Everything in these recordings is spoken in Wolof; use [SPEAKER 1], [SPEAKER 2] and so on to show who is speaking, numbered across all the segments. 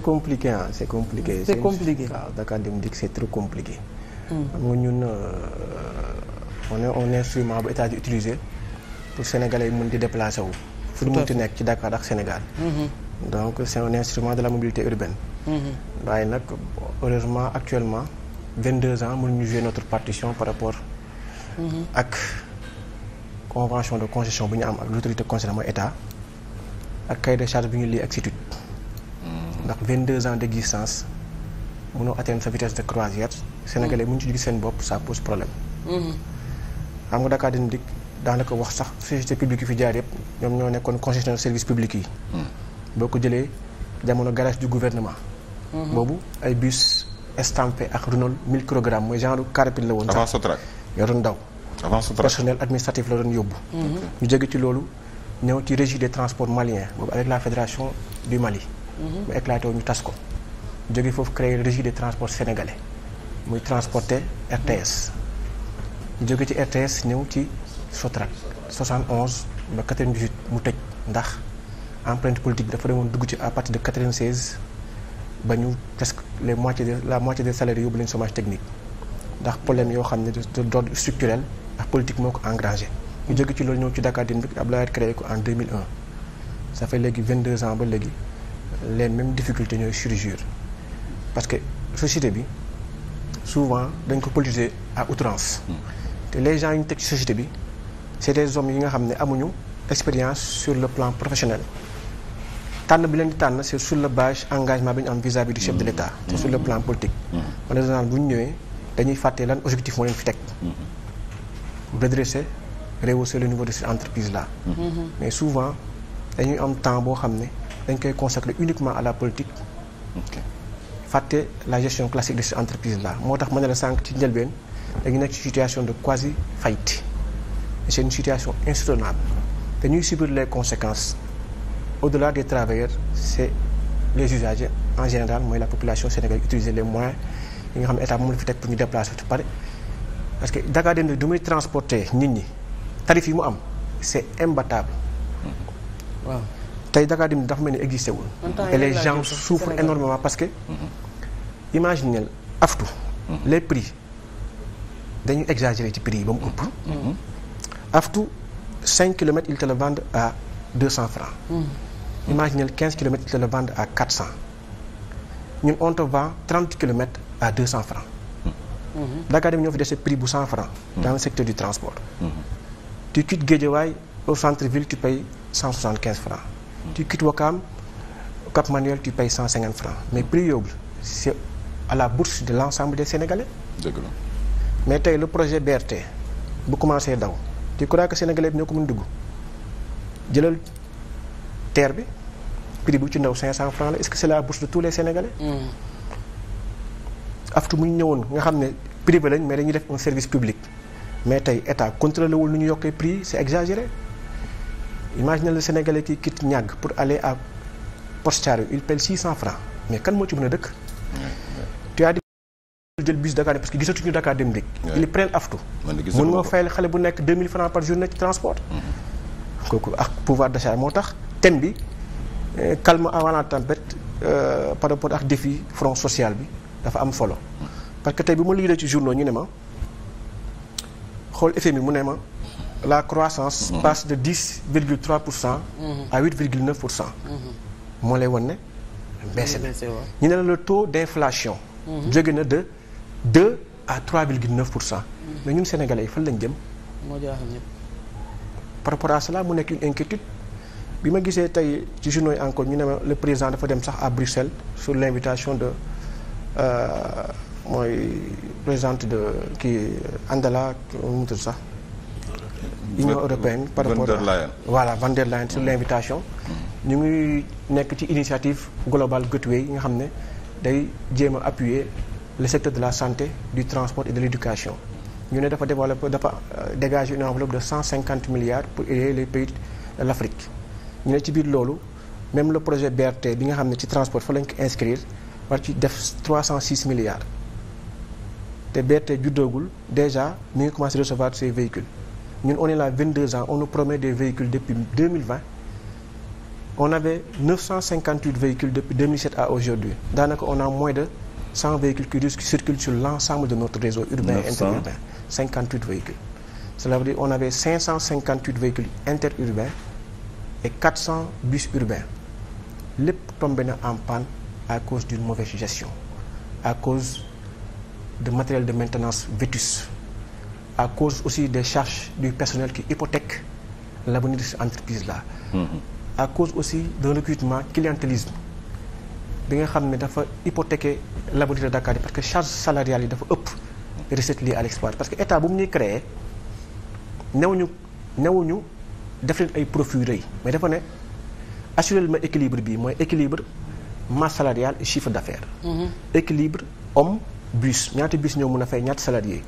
[SPEAKER 1] c'est compliqué ah c'est compliqué. c'est compliqué waaw Dakar Dem Dikk c'est trop compliqué. Hmm. xam nga ñun euh, on bu état di utiliser pour sénégalais yi mën di déplacer wu. fu mu munti nekk ci Dakar ak Sénégal. Hmm. donc c'est un instrument de la mobilité urbaine. Hmm. waaye nag heureusement actuellement 22 ans mënuñu jouer notre partition par rapport. ak convention de concession bu ñu am ak l'autorité concernée mooy état ak cahier de charge bi ñu lii ak CETUD. ndax 22 ans d' existence mënoo atteindre sa vitesse de croisière. Sénégalais mu ñu ci gis seen bopp ça pose problème. Mhm. xam nga Dakar Dem Dikk daanaka wax sax société publique yi fi jaar yëpp ñoom ñoo nekkoon concessionnaire service public yi. Mhm. boo ko jëlee jamono garage du gouvernement. Mhm. boobu ay bus estampé ak Renault 1000 kilogrammes mooy genre car rapide la woon. avant Sotrac doon daw. personnel administratif la doon yóbbu. ñu jóge ci loolu ñëw ci régie des transports maliens boobu Mhm. mu éclaté wu ñu tas ko jóge foofu créer régie de transport sénégalais muy transporter RTS jóge ci RTS ñëw ci Sotrac 71 ba 98 mu tëj ndax empreinte politique bi dafa demoon dugg ci à partir de 96 ba ñu presque les moitié de la moitié des salariés yóbbu leen chômage technique ndax problème yoo xam ne d'ordre structurel ndax politique moo ko engrangé ñu jóge ci loolu ñëw ci Dakar Dem Dikk Abdoulaye créé ko en 2001 ça fait léegi 22 ans ba léegi les mêmes difficultés ñooy surgir parce que société bi souvent dañ ko politiser à outrance te les gens teg ci société bi c'est des hommes yi nga xam ne amuñu expérience sur le plan professionnel tànn bi leen di tànn c'est sur le base engagement bi ñu am vis à du chef de l'État c'est sur le plan politique malheureusement bu ñu ñëwee dañuy fàtte lan objectif moo leen fi teg redresser rehausser le niveau de cette entreprise là mm-hmm. mais souvent dañuy am temps boo xam ne dañ koy consacrer uniquement à la politique. fàtte la gestion classique de cette entreprise là moo tax ma ne la sànq ci njëlbeen dañu nekk ci situation de quasi faillite c' est une situation insoutenable dañuy subir les conséquences au-delà des travailleurs c' est les usagers en général mooy la population sénégal utiliser les moyens yi nga xam ne état moom la fi teg pour ñu déplacer tu pare parce que Dakar dem du muy transporter nit ñi tarif yi mu am c' est imbattable tey Dakar Dem dafa mel ni existé wul. et les gens souffrent énormément parce que. imaginez aftu. les prix dañu exagéré ci prix yi ba mu ëpp. aftu 5 kilomètres ils te le vendent à 200 francs. imaginez 15 kilomètres ils te le vendent à 400. ñun on te vend 30 kilomètres à 200 francs. Mm-hmm. Dakar Dem ñoo fi dese bu 100 francs. Mm-hmm. dans le secteur du transport. Mm-hmm. tu quittes Guédiawaye au centre ville tu payes 175 francs. tu quittes Wakam Cap Manuel tu payes cent cinquante francs mais prix yooyu c'est à la bourse de l'ensemble des Sénégalais. dëgg mais tey le projet BRT bu commencé daw tu crois que Sénégalais bi ñoo ko mën dugg jëlal terre bi prix bu ci ndaw cinq cent francs la est-ce que c'est la bourse de tous les Sénégalais. Mm. aftu mu ñëwoon nga xam ne privé lañ mais dañuy def un service public mais tey état contrôlé wul nu ñu yokkee prix c'est exagéré. imaginez le Sénégalais qui quitte Niaga pour aller à Poste Thiaroye il paie 600 francs mais kan moo ci mën a dëkk. tu as dit jël bus Dakar parce que gisatuñu Dakar dem dikk. ils prennent aftu. mën nga fayal xale bu nekk 2000 francs par journée ci transport. Mm-hmm. kooku ak pouvoir d'achat moo tax thème bi euh, calme avant la tempête euh, par rapport ak défi front sociale bi dafa am solo mm. parce que tey bi ma liggéeyee ci journaux ñu ne ma xool effet bi mu ne ma. la croissance mhm. passe de dix virgule trois pour cent mhm. à huit virgule neuf pour cent moo lay wan ne baisse la ñu ne la le taux d'inflation mhm. jóge na de deux à trois virgule neuf pour cent mais ñun sénégalais yi fan lañ jëm par rapport à cela mu nekk une inquiétude bi ma gisee tey ci journaux yi encore ñu ne ma le président dafa dem sax à Bruxelles sur l'invitation de euh, mooy présidente de kii Andala mu tudd sax Union européenne par rapport à voilà Van der Leyen sur mm. l'invitation mm. ñu ngi nekk ci initiative globale Gateway yi nga xam ne day jéem a appuyer le secteur de la santé du transport et de l'éducation ñu ne dafa développé dafa euh, dégager une enveloppe de cent cinquante milliards pour aider les pays de l'Afrique ñu ne ci biir loolu même le projet BRT bi nga xam ne ci transport fa lañ ko inscrir war ci def trois cent six milliards te BRT juddoogul déjà mu ngi commencé recevoir ces véhicules ñun on est là 22 ans on nous promet des véhicules depuis 2020 on avait 958 véhicules depuis 2007 à aujourd'hui daanaka on a moins de 100 véhicules qui circulent sur l'ensemble de notre réseau urbain et interurbain 58 véhicules cela veut dire on avait 558 véhicules interurbains et 400 bus urbains lépp tombé na en panne à cause d'une mauvaise gestion à cause de matériel de maintenance vétus à cause aussi des charges du personnel ki hypothèque l'avenir de cette entreprise-là. Mm cause aussi d'un recrutement clientélisme bi nga xam ne dafa hypothéquer l'avenir de Dakar yi parce que charge salariale yi dafa ëpp recette liée à l'exploitation parce que état bu mu ñuy créer newuñu newuñu def leen ay profit yu rëy mais dafa ne assurer ma équilibre bi mooy équilibre masse salariale et chiffre d'affaires. Mm -hmm. équilibre homme bus ñaata bus ñoo mën a fay ñaata salarié.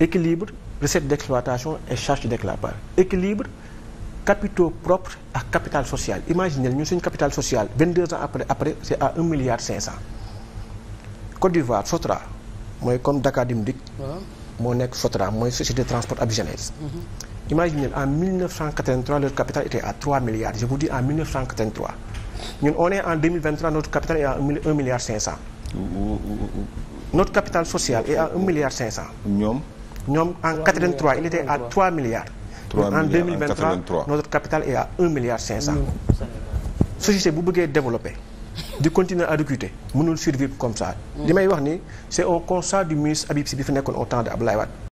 [SPEAKER 1] équilibre recette d'exploitation et charge déclarable équilibre capitaux propres ak capital social imaginez ñun suñu capital social 22 ans après après c'est à 1 milliard 500 Côte d'Ivoire Sotra mooy comme Dakar Dimdik moo nekk Sotra mooy société de transport abidjanaise mm-hmm. imaginez en 1983 leur capital était à 3 milliards je vous dis en 1983 ñun on est en 2023 notre capital est à 1 milliard 500 notre capital social est à 1 milliard 500 ñoom ñoom en 83 il était à 3 milliards. 3 milliards en 2023 notre capital est à 1 milliard 500. société bu bëggee développer di continuer à recruter mënul survivre comme ça. li may wax ni c'est un constat du ministre Habib Sy bi fi nekkoon au temps de Abdoulaye Wade.